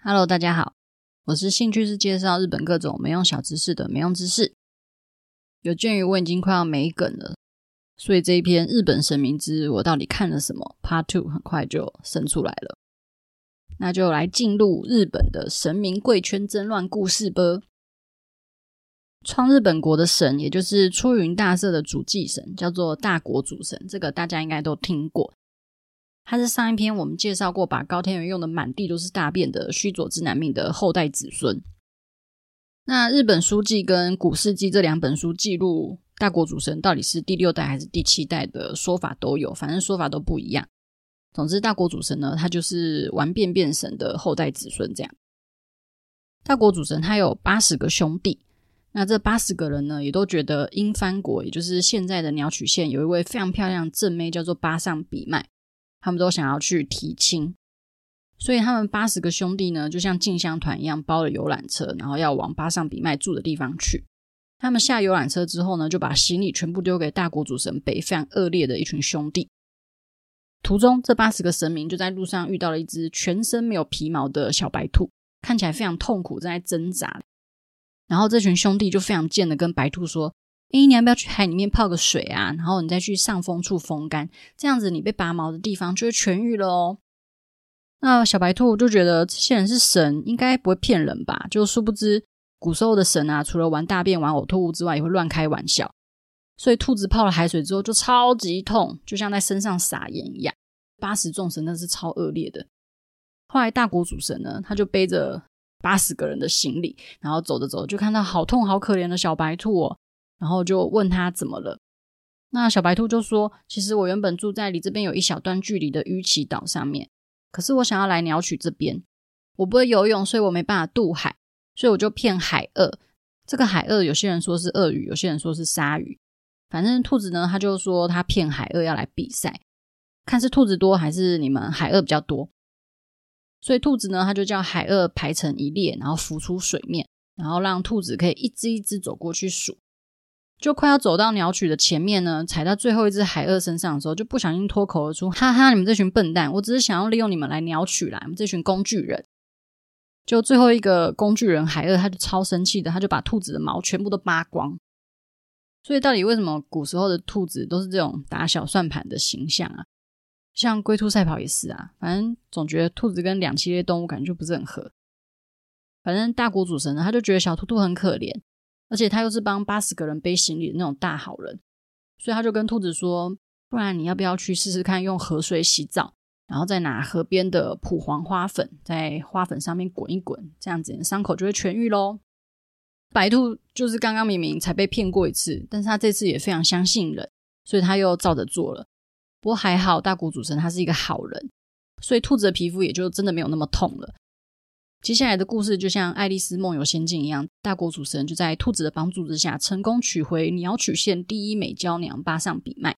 哈嘍，Hello，大家好，我是興趣是介紹日本各種沒用小知識的沒用知識。有鑒於我已經快要沒梗了，所以這一篇日本神明之日我到底看了什麼 Part Two 很快就生出來了。那就來進入日本的神明貴圈真亂故事吧。創日本國的神，也就是出雲大社的主祭神，叫做大國主神，這個大家應該都聽過。他是上一篇我們介紹過，把高天原用的滿地都是大便的須佐之男命的後代子孫。那日本書紀跟古事記這兩本書記錄大國主神到底是第六代還是第七代的說法都有，反正說法都不一樣。總之，大國主神呢，他就是玩便便神的後代子孫這樣。大國主神他有八十個兄弟，那這八十個人呢，也都覺得因幡國，也就是現在的鳥取縣，有一位非常漂亮正妹叫做八上比賣。他們都想要去提親，所以他們八十個兄弟呢，就像進香團一樣包了遊覽車，然後要往八上比賣住的地方去。他們下遊覽車之後呢，就把行李全部丟給大國主神背，非常惡劣的一群兄弟。途中，這八十個神明就在路上遇到了一隻全身沒有皮毛的小白兔，看起來非常痛苦，正在掙扎。然後這群兄弟就非常賤的跟白兔說。哎，你要不要去海裡面泡個水啊？然後你再去上風處風乾，這樣子你被拔毛的地方就會痊癒了哦。那小白兔就覺得這些人是神，應該不會騙人吧？就殊不知古時候的神啊，除了玩大便玩嘔吐物之外，也會亂開玩笑。所以兔子泡了海水之後就超級痛，就像在身上撒鹽一樣。八十眾神那是超惡劣的。後來大國主神呢，他就背着八十個人的行李，然後走着走，就看到好痛好可憐的小白兔哦。然後就問他怎麼了？那小白兔就說：“其實我原本住在離這邊有一小段距離的淤岐島上面，可是我想要來鳥取這邊。我不會游泳，所以我沒辦法渡海，所以我就騙海鱷。這個海鱷，有些人說是鱷魚，有些人說是鯊魚，反正兔子呢，他就說他騙海鱷要來比賽，看是兔子多還是你們海鱷比較多。所以兔子呢，他就叫海鱷排成一列，然後浮出水面，然後讓兔子可以一隻一隻走過去數。”就快要走到鳥取的前面呢，踩到最後一隻海鱷身上的時候，就不小心脫口而出：“哈哈，你們這群笨蛋！我只是想要利用你們來鳥取啦，你們這群工具人。”就最後一個工具人海鱷，他就超生氣的，他就把兔子的毛全部都扒光。所以到底為什麼古時候的兔子都是這種打小算盤的形象啊？像龜兔賽跑也是啊，反正總覺得兔子跟兩棲類動物感覺就不是很合。反正大國主神呢，他就覺得小兔兔很可憐。而且他又是幫八十個人背行李的那種大好人，所以他就跟兔子說：“不然你要不要去試試看用河水洗澡，然後再拿河邊的蒲黃花粉在花粉上面滾一滾，這樣子傷口就會痊癒咯。”白兔就是剛剛明明才被騙過一次，但是他這次也非常相信人，所以他又照着做了。不過還好大國主神他是一個好人，所以兔子的皮膚也就真的沒有那麼痛了。接下來的故事就像《愛麗絲夢遊仙境》一樣，大國主持人就在兔子的幫助之下，成功取回鳥取縣第一美嬌娘八上比賣。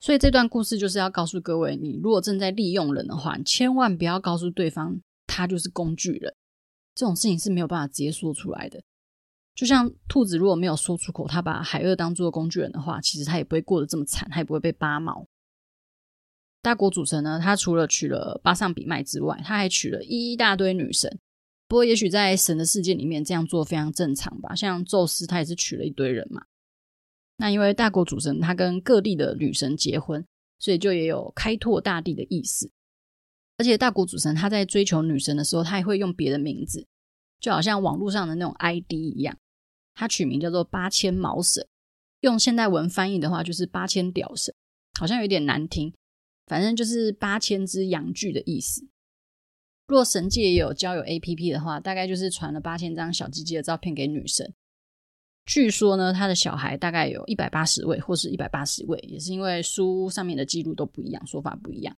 所以這段故事就是要告訴各位，你如果正在利用人的話，你千萬不要告訴對方他就是工具人，這種事情是沒有辦法直接說出來的。就像兔子如果沒有說出口，他把海鱷當做工具人的話，其實他也不會過得這麼慘，他也不會被拔毛。大國主神呢，他除了娶了八上比賣之外，他還娶了一大堆女神。不過，也許在神的世界裡面這樣做非常正常吧。像宙斯，他也是娶了一堆人嘛。那因為大國主神他跟各地的女神結婚，所以就也有開拓大地的意思。而且，大國主神他在追求女神的時候，他也會用別的名字，就好像網絡上的那種 ID 一樣。他取名叫做“八千毛神”，用現代文翻譯的話就是“八千屌神”，好像有點難聽。反正就是八千支陽具的意思。若神界也有交友 APP 的話，大概就是傳了八千張小雞雞的照片給女神。據說呢，他的小孩大概有一百八十位，或是一百八十位，也是因為書上面的記錄都不一樣，說法不一樣。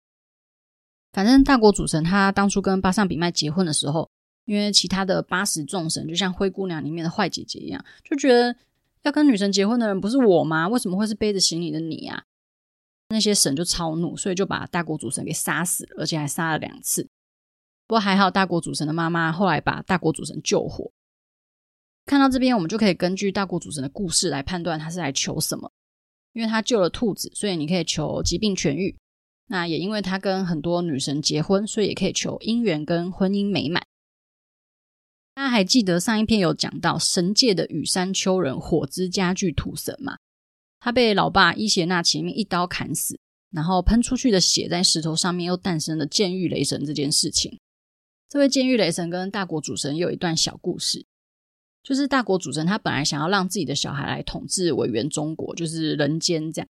反正大國主神他當初跟八上比賣結婚的時候，因為其他的八十眾神就像灰姑娘裡面的壞姐姐一樣，就覺得要跟女神結婚的人不是我嗎？為什麼會是背着行李的你啊？那些神就超怒，所以就把大國主神給殺死了，而且還殺了兩次。不過還好，大國主神的媽媽後來把大國主神救活。看到這邊，我們就可以根據大國主神的故事來判斷他是來求什麼。因為他救了兔子，所以你可以求疾病痊癒。那也因為他跟很多女神結婚，所以也可以求姻緣跟婚姻美滿。大家還記得上一篇有講到神界的羽山秋人火之迦具土神嗎？他被老爸伊邪那岐命一刀砍死，然後噴出去的血在石頭上面又誕生了建御雷神這件事情。這位建御雷神跟大國主神有一段小故事，就是大國主神他本來想要讓自己的小孩來統治委員中國，就是人間這樣，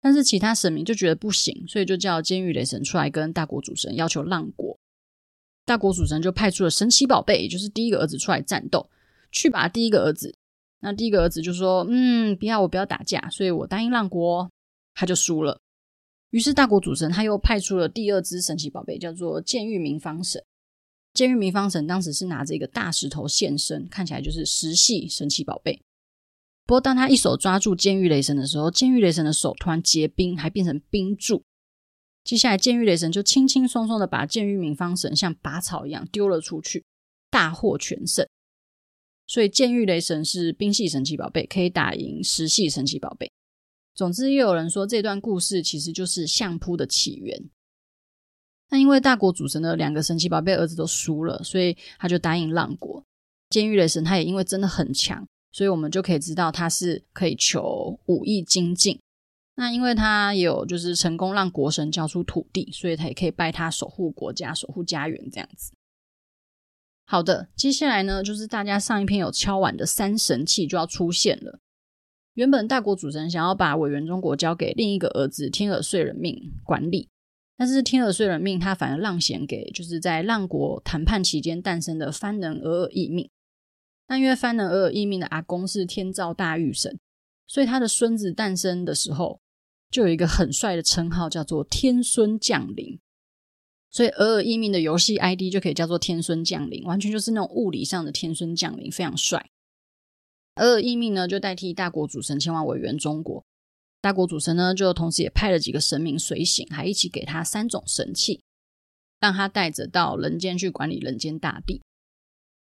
但是其他神明就覺得不行，所以就叫建御雷神出來跟大國主神要求讓國。大國主神就派出了神奇寶貝，也就是第一個兒子出來戰鬥，去把第一個兒子。那第一個兒子就說：“嗯，不要，我不要打架，所以我答應讓國，他就輸了。於是大國主神他又派出了第二隻神奇寶貝，叫做建御名方神。建御名方神當時是拿着一個大石頭現身，看起來就是石系神奇寶貝。不過當他一手抓住建御雷神的時候，建御雷神的手突然結冰，還變成冰柱。接下來，建御雷神就輕輕鬆鬆的把建御名方神像拔草一樣丟了出去，大獲全勝。”所以，建御雷神是冰系神奇寶貝，可以打贏石系神奇寶貝。總之，又有人說這段故事其實就是相撲的起源。那因為大國主神的兩個神奇寶貝兒子都輸了，所以他就答應讓國。建御雷神他也因為真的很強，所以我們就可以知道他是可以求武藝精進。那因為他也有就是成功讓國神交出土地，所以他也可以拜他守護國家、守護家園這樣子。好的，接下來呢，就是大家上一篇有敲碗的三神器就要出現了。原本大國主神想要把葦原中國交給另一個兒子天忍穗耳命管理，但是天忍穗耳命他反而讓賢給就是在讓國談判期間誕生的番能邇邇藝命。但因為番能邇邇藝命的阿公是天照大御神，所以他的孫子誕生的時候，就有一個很帥的稱號，叫做天孫降臨。所以，爾爾異命的遊戲 ID 就可以叫做“天孫降臨”，完全就是那種物理上的天孫降臨，非常帥。爾爾異命呢，就代替大國主神前往委員中國，大國主神呢，就同時也派了幾個神明隨行，還一起給他三種神器，讓他帶着到人間去管理人間大地。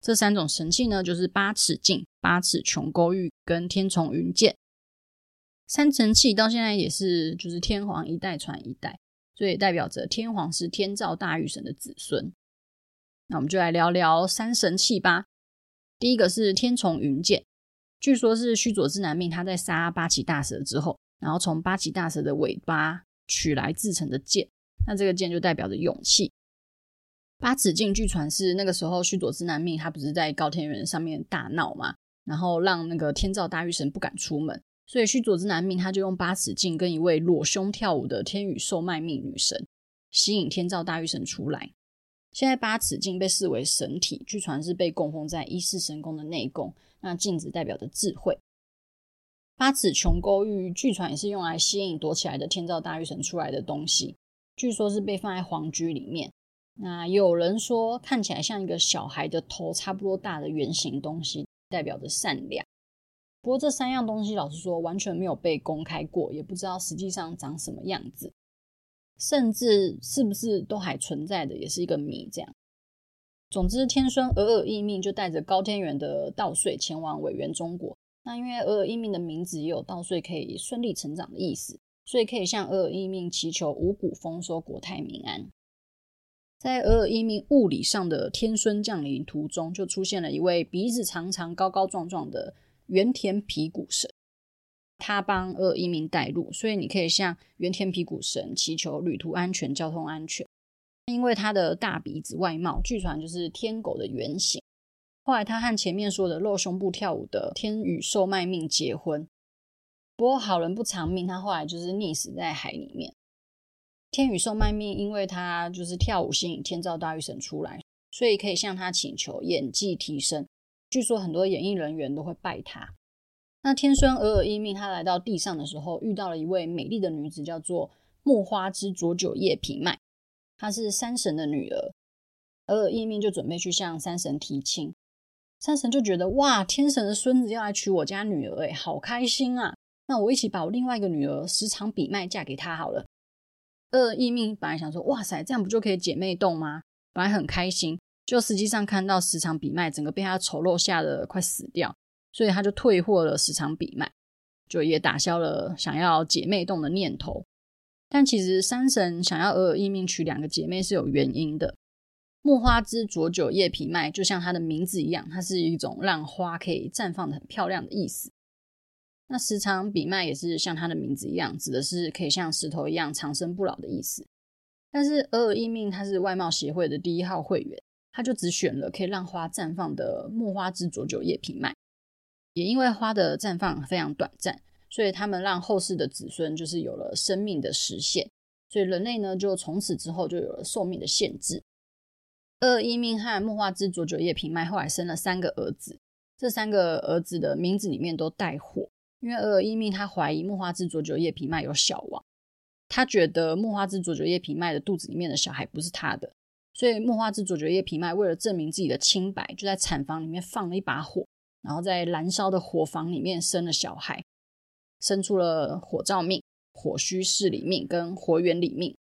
這三種神器呢，就是八尺鏡、八尺瓊勾玉跟天叢雲劍。三神器到現在也是，就是天皇一代傳一代。所以也代表着天皇是天照大御神的子孫。那我們就來聊聊三神器吧。第一個是天叢雲劍，據說是須佐之男命他在殺八岐大蛇之後，然後從八岐大蛇的尾巴取來制成的劍。那這個劍就代表着勇氣。八咫鏡據傳是那個時候須佐之男命他不是在高天原上面大鬧嘛，然後讓那個天照大御神不敢出門。所以須佐之男命他就用八尺鏡跟一位裸胸跳舞的天宇受賣命女神吸引天照大御神出來。現在八尺鏡被視為神體，據傳是被供奉在伊勢神宮的內宮。那鏡子代表著智慧。八尺瓊勾玉據傳也是用來吸引躲起來的天照大御神出來的東西，據說，是被放在皇居裡面。那有人說看起來像一個小孩的頭差不多大的圓形東西，代表着善良。不過這三樣東西，老實說完全沒有被公開過，也不知道實際上長什麼樣子，甚至是不是都還存在的，也是一個謎。這樣，總之天孫邇邇藝命就帶着高天原的稻穗前往葦原中國。那因為邇邇藝命的名字也有稻穗可以順利成長的意思，所以可以向邇邇藝命祈求五穀豐收、國泰民安。在邇邇藝命物理上的天孫降臨途中，就出現了一位鼻子長長、高高壯壯的。原田皮股神，他幫厄一名帶路，所以你可以向原田皮股神祈求旅途安全、交通安全。因為他的大鼻子外貌，據傳就是天狗的原型。後來他和前面說的露胸部跳舞的天羽獸賣命結婚，不過好人不長命，他後來就是溺死在海裡面。天羽獸賣命，因為他就是跳舞吸引天照大御神出來，所以可以向他請求演技提升。據說很多演藝人員都會拜他。那天孫邇邇藝命，他來到地上的時候，遇到了一位美麗的女子，叫做木花之佐久夜比賣，她是山神的女兒。邇邇藝命就準備去向山神提親，山神就覺得哇，天神的孫子要來娶我家女兒，哎，好開心啊！那我一起把我另外一個女兒石長比賣嫁給他好了。邇邇藝命本來想說哇塞，這樣不就可以姐妹動嗎？本來很開心。就實際上看到石長比賣整個被她醜陋嚇得快死掉，所以他就退貨了石長比賣，就也打消了想要姐妹洞的念頭。但其實山神想要邇邇藝命娶兩個姐妹是有原因的。木花之佐久夜毘賣就像它的名字一樣，它是一種讓花可以綻放得很漂亮的意思。那石長比賣也是像它的名字一樣，指的是可以像石頭一樣長生不老的意思。但是邇邇藝命他是外貌協會的第一號會員。他就只選了可以讓花綻放的木花之佐久夜比賣，也因為花的綻放非常短暫，所以他們讓後世的子孫就是有了生命的實現，所以人類呢就從此之後就有了壽命的限制。邇邇藝命和木花之佐久夜比賣後來生了三個兒子，這三個兒子的名字裡面都帶火，因為邇邇藝命他懷疑木花之佐久夜比賣有小王，他覺得木花之佐久夜比賣的肚子裡面的小孩不是他的。所以，《木花之佐久夜毘賣》為了證明自己的清白，就在產房裡面放了一把火，然後在燃燒的火房裡面生了小孩，生出了火照命、火須勢理命跟火遠理命。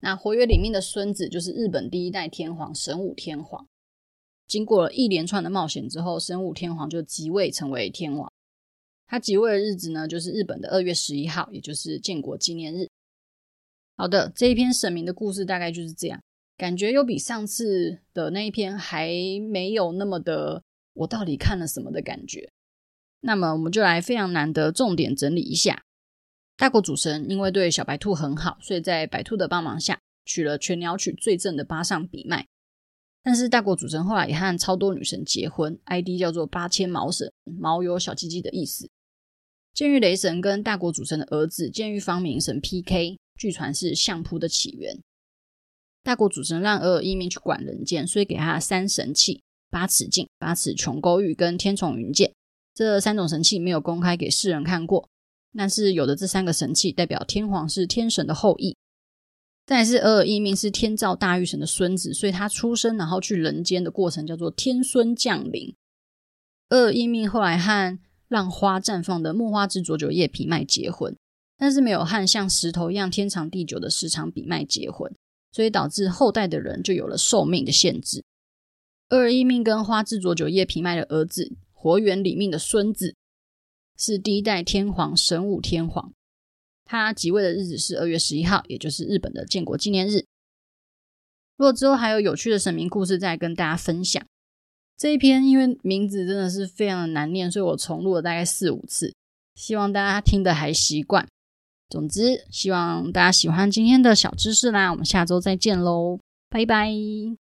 那火遠理命的孫子就是日本第一代天皇神武天皇。經過了一連串的冒險之後，神武天皇就即位成為天皇。他即位的日子呢，就是日本的二月十一號，也就是建國紀念日。好的，這一篇神明的故事大概就是這樣。感覺又比上次的那一篇還沒有那麼的，我到底看了什麼的感覺。那麼我們就來非常難得重點整理一下。大國主神因為對小白兔很好，所以在白兔的幫忙下娶了全鳥取最正的八上比賣。但是大國主神後來也和超多女神結婚，ID 叫做八千毛神，毛有小雞雞的意思。建御雷神跟大國主神的兒子建御方名神 PK，據傳是相撲的起源。大國主神讓邇邇藝命去管人間，所以給他三神器：八尺鏡、八尺瓊勾玉跟天叢雲劍。這三種神器沒有公開給世人看過，但是有的這三個神器代表天皇是天神的後裔。但是邇邇藝命是天照大御神的孫子，所以他出生然後去人間的過程叫做天孫降臨。邇邇藝命後來和讓花綻放的木花之佐久夜比賣結婚，但是沒有和像石頭一樣天長地久的石長比賣結婚。所以導致後代的人就有了壽命的限制。邇邇藝命跟花之佐久夜毘賣的兒子火遠理命的孫子，是第一代天皇神武天皇。他即位的日子是二月十一號，也就是日本的建國紀念日。若之後還有有趣的神明故事，再跟大家分享。這一篇因為名字真的是非常的難念，所以我重錄了大概四五次，希望大家聽得還習慣。總之，希望大家喜歡今天的小知識啦，我們下周再見嘍，拜拜。拜拜。